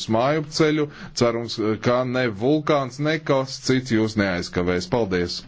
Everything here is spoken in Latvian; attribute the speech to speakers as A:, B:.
A: Eiropas māju ceļu. Cerams, ka ne vulkāns, nekas cits jūs neaizkavēs. Paldies!